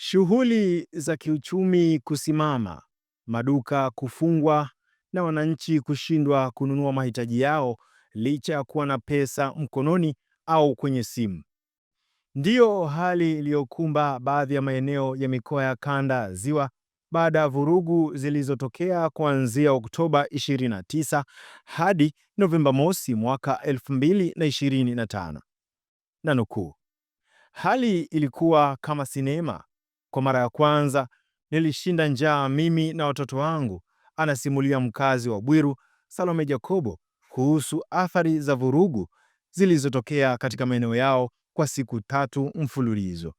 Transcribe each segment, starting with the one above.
Shughuli za kiuchumi kusimama, maduka kufungwa na wananchi kushindwa kununua mahitaji yao licha ya kuwa na pesa mkononi au kwenye simu. Ndiyo hali iliyokumba baadhi ya maeneo ya mikoa ya Kanda Ziwa baada ya vurugu zilizotokea kuanzia Oktoba 29 hadi Novemba mosi mwaka 2025. Na nukuu, hali ilikuwa kama sinema kwa mara ya kwanza nilishinda njaa mimi na watoto wangu, anasimulia mkazi wa Bwiru Salome Jacobo kuhusu athari za vurugu zilizotokea katika maeneo yao kwa siku tatu mfululizo.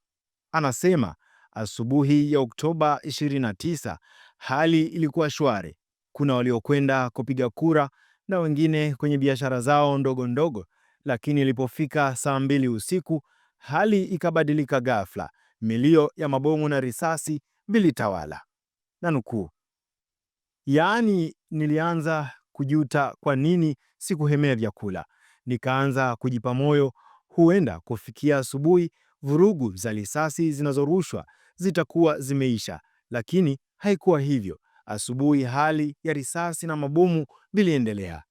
Anasema asubuhi ya Oktoba 29 hali ilikuwa shwari. Kuna waliokwenda kupiga kura na wengine kwenye biashara zao ndogo ndogo, lakini ilipofika saa mbili usiku hali ikabadilika ghafla milio ya mabomu na risasi vilitawala. Na nukuu, yaani nilianza kujuta kwa nini sikuhemea vyakula. Nikaanza kujipa moyo, huenda kufikia asubuhi vurugu za risasi zinazorushwa zitakuwa zimeisha, lakini haikuwa hivyo. Asubuhi hali ya risasi na mabomu viliendelea.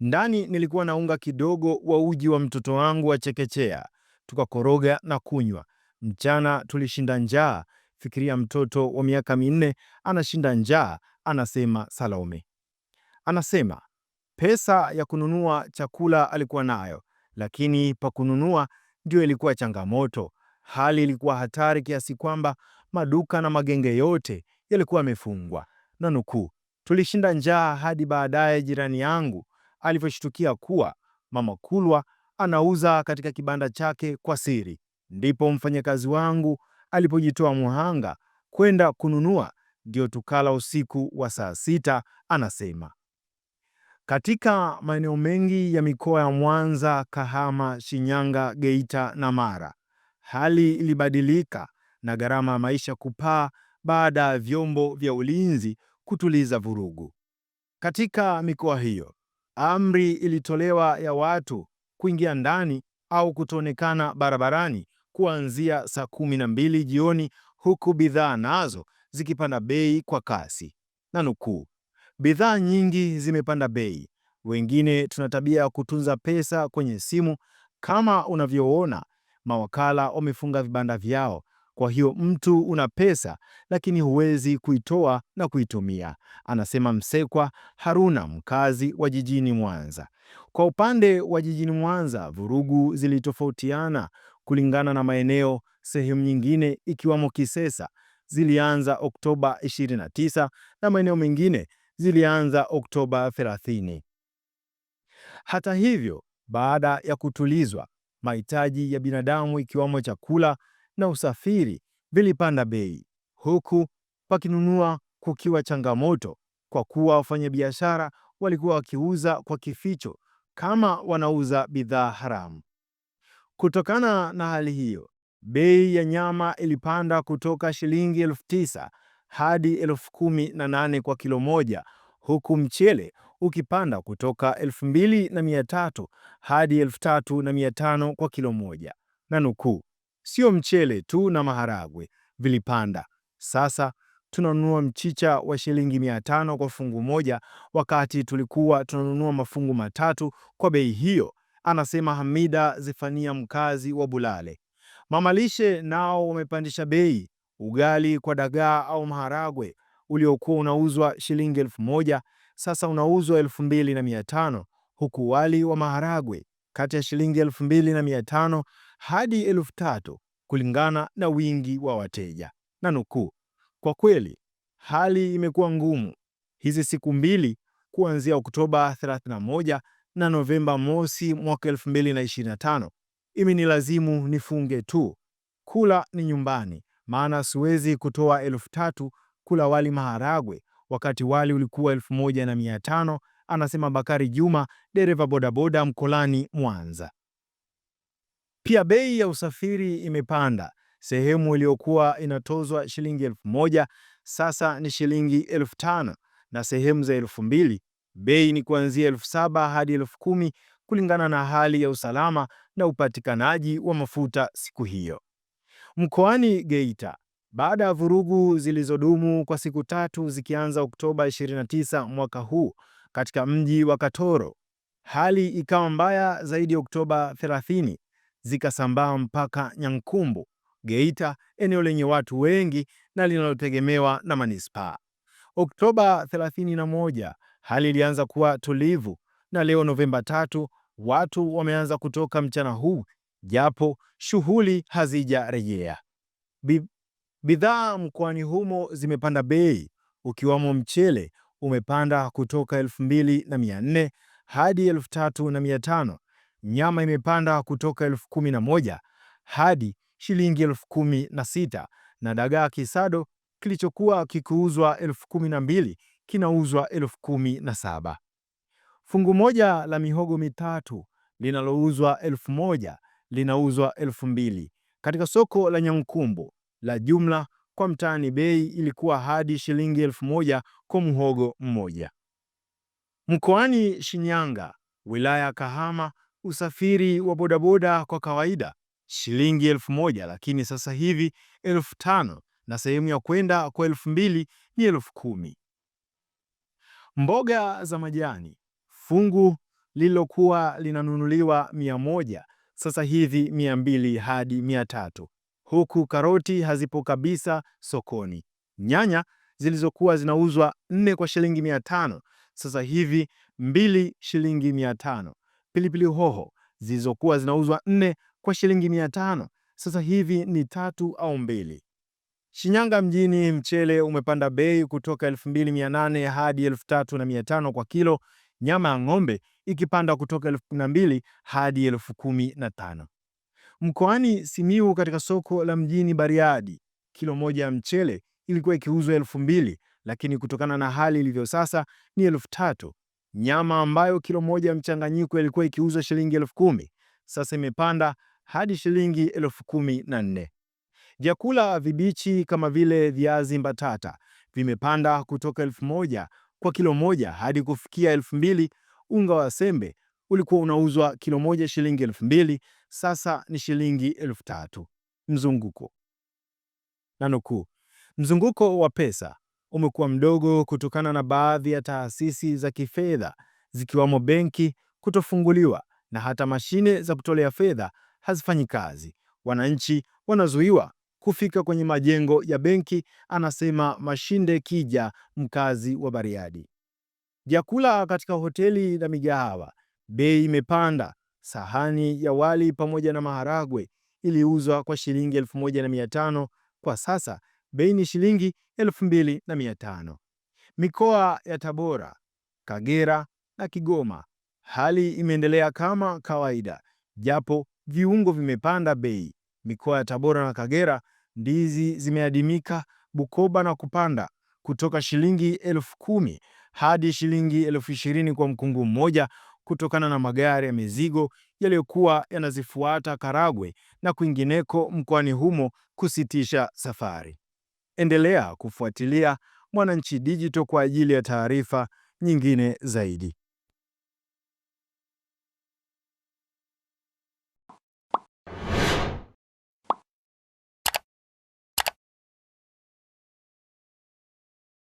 Ndani nilikuwa naunga kidogo wa uji wa mtoto wangu wa chekechea, tukakoroga na kunywa. Mchana tulishinda njaa. Fikiria mtoto wa miaka minne anashinda njaa, anasema Salome. Anasema pesa ya kununua chakula alikuwa nayo, lakini pa kununua ndio ilikuwa changamoto. Hali ilikuwa hatari kiasi kwamba maduka na magenge yote yalikuwa yamefungwa. Na nukuu, tulishinda njaa hadi baadaye jirani yangu alivyoshtukia kuwa mama Kulwa anauza katika kibanda chake kwa siri. Ndipo mfanyakazi wangu alipojitoa muhanga kwenda kununua, ndio tukala usiku wa saa sita, anasema. Katika maeneo mengi ya mikoa ya Mwanza, Kahama, Shinyanga, Geita na Mara, hali ilibadilika na gharama ya maisha kupaa baada ya vyombo vya ulinzi kutuliza vurugu. Katika mikoa hiyo, amri ilitolewa ya watu kuingia ndani au kutoonekana barabarani kuanzia saa kumi na mbili jioni, huku bidhaa nazo zikipanda bei kwa kasi. Na nukuu, bidhaa nyingi zimepanda bei. Wengine tuna tabia ya kutunza pesa kwenye simu, kama unavyoona mawakala wamefunga vibanda vyao. Kwa hiyo mtu una pesa lakini huwezi kuitoa na kuitumia, anasema Msekwa Haruna, mkazi wa jijini Mwanza. Kwa upande wa jijini Mwanza, vurugu zilitofautiana kulingana na maeneo, sehemu nyingine ikiwamo Kisesa zilianza Oktoba 29 na maeneo mengine zilianza Oktoba 30. Hata hivyo, baada ya kutulizwa, mahitaji ya binadamu ikiwamo chakula na usafiri vilipanda bei, huku pakinunua kukiwa changamoto kwa kuwa wafanyabiashara walikuwa wakiuza kwa kificho kama wanauza bidhaa haramu. Kutokana na hali hiyo, bei ya nyama ilipanda kutoka shilingi elfu tisa hadi elfu kumi na nane kwa kilo moja, huku mchele ukipanda kutoka elfu mbili na mia tatu hadi elfu tatu na mia tano kwa kilo moja. Na nukuu, sio mchele tu na maharagwe vilipanda, sasa tunanunua mchicha wa shilingi mia tano kwa fungu moja, wakati tulikuwa tunanunua mafungu matatu kwa bei hiyo anasema Hamida Zefania, mkazi wa Bulale. Mamalishe nao wamepandisha bei. Ugali kwa dagaa au maharagwe uliokuwa unauzwa shilingi elfu moja sasa unauzwa elfu mbili na mia tano huku wali wa maharagwe kati ya shilingi elfu mbili na mia tano hadi elfu tatu kulingana na wingi wa wateja. Na nukuu, kwa kweli hali imekuwa ngumu hizi siku mbili kuanzia Oktoba 31 na Novemba mosi mwaka 2025 lazimu nifunge tu. Kula ni nyumbani, maana siwezi kutoa elfu tatu kula wali maharagwe wakati wali ulikuwa elfu moja na mia tano anasema Bakari Juma, dereva bodaboda Mkolani, Mwanza. Pia bei ya usafiri imepanda. Sehemu iliyokuwa inatozwa shilingi elfu moja sasa ni shilingi elfu tano na sehemu za elfu mbili Bei ni kuanzia elfu saba hadi elfu kumi kulingana na hali ya usalama na upatikanaji wa mafuta siku hiyo. Mkoani Geita, baada ya vurugu zilizodumu kwa siku tatu zikianza Oktoba 29 mwaka huu katika mji wa Katoro, hali ikawa mbaya zaidi Oktoba 30, zikasambaa mpaka Nyankumbu, Geita, eneo lenye watu wengi na linalotegemewa na manispaa. Oktoba 31 hali ilianza kuwa tulivu, na leo Novemba tatu watu wameanza kutoka mchana huu, japo shughuli hazijarejea. Bidhaa mkoani humo zimepanda bei, ukiwamo mchele umepanda kutoka elfu mbili na mia nne hadi elfu tatu na mia tano Nyama imepanda kutoka elfu kumi na moja hadi shilingi elfu kumi na sita na dagaa kisado kilichokuwa kikiuzwa elfu kumi na mbili kinauzwa elfu kumi na saba. Fungu moja la mihogo mitatu linalouzwa elfu moja linauzwa elfu mbili katika soko la Nyankumbu la jumla. Kwa mtaani bei ilikuwa hadi shilingi elfu moja kwa mhogo mmoja. Mkoani Shinyanga, wilaya ya Kahama, usafiri wa bodaboda kwa kawaida shilingi elfu moja lakini sasa hivi elfu tano na sehemu ya kwenda kwa elfu mbili ni elfu kumi. Mboga za majani, fungu lililokuwa linanunuliwa mia moja sasa hivi mia mbili hadi mia tatu huku karoti hazipo kabisa sokoni. Nyanya zilizokuwa zinauzwa nne kwa shilingi mia tano sasa hivi mbili shilingi mia tano. Pilipili hoho zilizokuwa zinauzwa nne kwa shilingi mia tano sasa hivi ni tatu au mbili. Shinyanga mjini mchele umepanda bei kutoka 2800 hadi 3500 kwa kilo, nyama ya ng'ombe ikipanda kutoka 12000 hadi 15000. Mkoani simiu katika soko la mjini Bariadi, kilo moja ya mchele ilikuwa ikiuzwa 2000 lakini kutokana na hali ilivyo sasa ni 3000. Nyama ambayo kilo moja mchanganyiko ilikuwa ikiuzwa shilingi 10000 sasa imepanda hadi shilingi 14000. Vyakula vibichi kama vile viazi mbatata vimepanda kutoka elfu moja kwa kilo moja hadi kufikia elfu mbili. Unga wa sembe ulikuwa unauzwa kilo moja shilingi elfu mbili, sasa ni shilingi elfu tatu. Mzunguko na nukuu, mzunguko wa pesa umekuwa mdogo kutokana na baadhi ya taasisi za kifedha zikiwamo benki kutofunguliwa na hata mashine za kutolea fedha hazifanyi kazi. Wananchi wanazuiwa kufika kwenye majengo ya benki, anasema Mashinde Kija, mkazi wa Bariadi. Vyakula katika hoteli na migahawa bei imepanda. Sahani ya wali pamoja na maharagwe iliuzwa kwa shilingi 1500 kwa sasa bei ni shilingi 2500. Mikoa ya Tabora, Kagera na Kigoma hali imeendelea kama kawaida, japo viungo vimepanda bei. Mikoa ya Tabora na Kagera Ndizi zimeadimika Bukoba na kupanda kutoka shilingi elfu kumi hadi shilingi elfu ishirini kwa mkungu mmoja kutokana na magari ya mizigo yaliyokuwa yanazifuata Karagwe na kwingineko mkoani humo kusitisha safari. Endelea kufuatilia Mwananchi Digital kwa ajili ya taarifa nyingine zaidi.